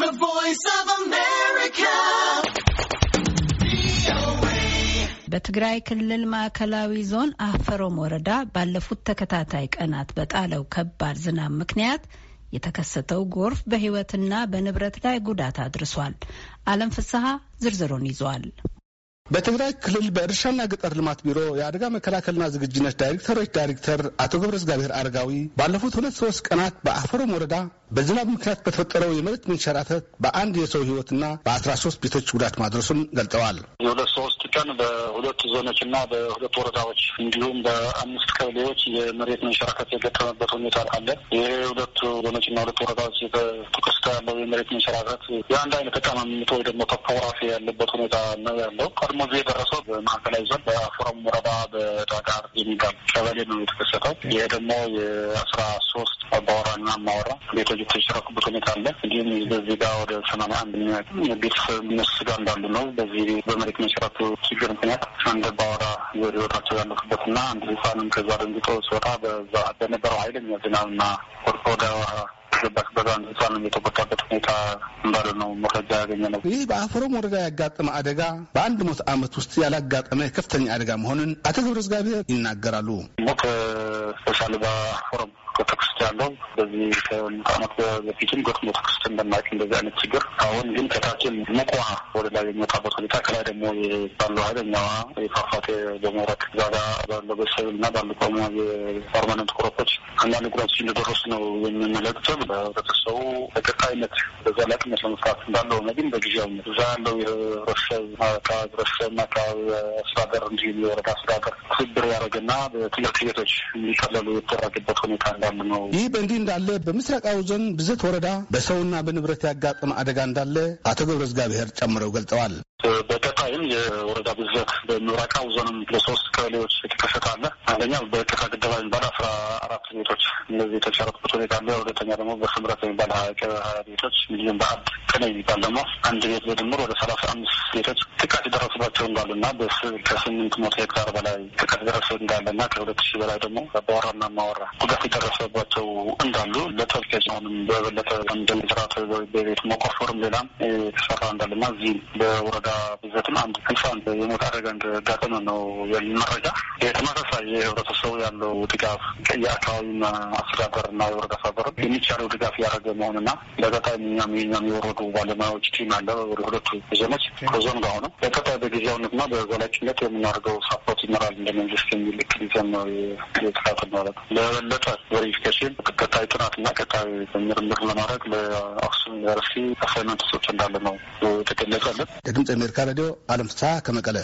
The Voice of America. በትግራይ ክልል ማዕከላዊ ዞን አፈሮም ወረዳ ባለፉት ተከታታይ ቀናት በጣለው ከባድ ዝናብ ምክንያት የተከሰተው ጎርፍ በሕይወትና በንብረት ላይ ጉዳት አድርሷል። ዓለም ፍስሐ ዝርዝሩን ይዟል። በትግራይ ክልል በእርሻና ገጠር ልማት ቢሮ የአደጋ መከላከልና ዝግጅነት ዳይሬክተሮች ዳይሬክተር አቶ ገብረ እግዚአብሔር አረጋዊ ባለፉት ሁለት ሶስት ቀናት በአፈሮም ወረዳ በዝናብ ምክንያት በተፈጠረው የመሬት መንሸራተት በአንድ የሰው ህይወትና በአስራ ሶስት ቤቶች ጉዳት ማድረሱን ገልጠዋል። የሁለት ሶስት ቀን በሁለት ዞኖችና በሁለት ወረዳዎች እንዲሁም በአምስት ቀበሌዎች የመሬት መንሸራተት የገጠመበት ሁኔታ አለ። ይህ ሁለቱ ዞኖችና ሁለት ወረዳዎች በተከስተ ያለው የመሬት መንሸራተት የአንድ አይነት ተቀማምጦ ወይ ደግሞ ቶፖግራፊ ያለበት ሁኔታ ነው ያለው ቀድሞ ደሞዙ የደረሰው በማዕከላዊ ዞን በፎረም ወረዳ በዳጋር የሚጋብ ቀበሌ ነው የተከሰተው። ይሄ ደግሞ የአስራ ሶስት አባወራና አማወራ ቤቶች የተሸረኩበት ሁኔታ አለ። እንዲሁም በዚህ ጋር ወደ ሰማንያ አንድ የሚያ ቤተሰብ እነሱ ጋር እንዳሉ ነው። በዚህ በመሬት መሸረቱ ችግር ምክንያት አንድ አባወራ ወደ ህይወታቸው ያለፉበት እና አንድ ህፃንም ከዛ ደንግጦ ሲወጣ በዛ በነበረው ሀይል ዝናብና ወድቆ ወደ የተገባች በዛን ህጻንም የተጎዳበት ሁኔታ እንዳለ ነው መረጃ ያገኘ ነው። ይህ በአፈሮም ወረዳ ያጋጠመ አደጋ በአንድ ሞት አመት ውስጥ ያላጋጠመ ከፍተኛ አደጋ መሆኑን አቶ ገብረ እግዚአብሔር ይናገራሉ። ሞት ስፔሻሊ በአፈሮም ቤተክርስቲ ያለው በዚህ ከሁለት አመት በፊትም ገጥሞ ቤተክርስቲ እንደማይቅ እንደዚህ አይነት ችግር አሁን ግን ከታችን ሙቅ ውሃ ወደ ላይ የሚወጣበት ሁኔታ ከላይ ደግሞ ባለው ሀይለኛ ውሃ የፏፏቴ በመውረድ ዛጋ ባለው በሰብል እና ባሉ ቆሞ የፐርማነንት ክሮፖች አንዳንድ ጉዳቶች እንደደረሱ ነው የሚመለክተው። በህብረተሰቡ ተቀጣይነት በዛ ላቅነት ለመስራት እንዳለው ሆነ ግን በጊዜያዊነት እዛ ያለው የህብረተሰብ አካባቢ ህብረተሰብ አካባቢ አስተዳደር እንዲ የወረዳ አስተዳደር ትብብር ያደረገና በትምህርት ቤቶች እንዲጠለሉ የተደረገበት ሁኔታ እንዳለ ነው። ይህ በእንዲህ እንዳለ በምስራቃዊ ዞን ብዝት ወረዳ በሰውና በንብረት ያጋጠመ አደጋ እንዳለ አቶ ገብረ እግዚአብሔር ጨምረው ገልጠዋል። በተመሳሳይም የወረዳ ብዘት በምራቃ ዞንም ለሶስት ቀበሌዎች የተከሰተ አለ። አንደኛ በቅታ ግደባ የሚባል አስራ አራት ቤቶች እነዚህ የተሻረኩበት ሁኔታ አለ። ሁለተኛ ደግሞ በስምረት የሚባል ሀያ ቤቶች እንዲሁም በአድ ቀነ የሚባል ደግሞ አንድ ቤት በድምር ወደ ሰላሳ አምስት ቤቶች ጥቃት የደረሱ ያላቸው እንዳሉና ከስምንት መቶ ሄክታር በላይ ጥቃት የደረሰው እንዳለና ከሁለት ሺህ በላይ ደግሞ በወራና ማወራ ጉዳት የደረሰባቸው እንዳሉ ለተወካዮች አሁንም በበለጠ እንደሚስራት በቤት መቆፈርም ሌላም የተሰራ እንዳለና እዚህ በወረዳ ብዘትም አንድ ህንፃን የሞት አደጋ እንደጋጠመ ነው ያለን መረጃ። የተመሳሳይ የህብረተሰቡ ያለው ድጋፍ የአካባቢና አስተዳደርና የወረዳ አስተዳደር የሚቻለው ድጋፍ እያደረገ መሆንና ለቀጣይ እኛም የኛም የወረዱ ባለሙያዎች ቲም አለ ወደ ሁለቱ ዞኖች ከዞን ጋር ሆነ በቀጣይ በጊዜያዊነትና በዘላቂነት የምናደርገው ሳፖርት ይኖራል እንደ መንግስት የሚል እቅድ ይዘን ነው የጥናትን ማለት ነው። ለበለጠ ቬሪፊኬሽን ቀጣይ ጥናትና ቀጣይ ምርምር ለማድረግ ለአክሱም ዩኒቨርሲቲ አሳይመንት ሰጥ እንዳለ ነው የተገለጸልን። ለድምፅ አሜሪካ ሬዲዮ አለም ፍስሀ ከመቀለ